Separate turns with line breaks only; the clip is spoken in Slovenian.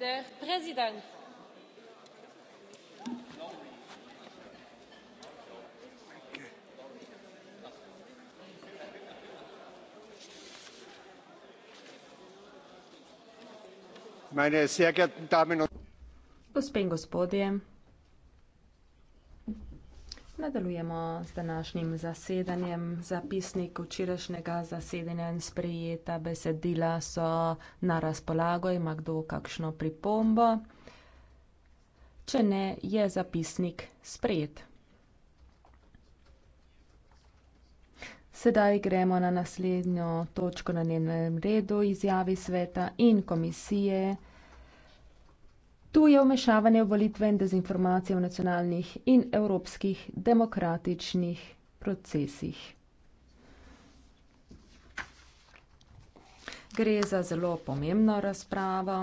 der präsident!
meine sehr geehrten damen und
herren! z današnjim zasedanjem. Zapisnik včerajšnjega zasedanja in sprejeta besedila so na razpolago. Ima kdo kakšno pripombo? Če ne, je zapisnik sprejet. Sedaj gremo na naslednjo točko na njenem redu izjavi sveta in komisije. Tu je vmešavanje v volitve in dezinformacije v nacionalnih in evropskih demokratičnih procesih. Gre za zelo pomembno razpravo.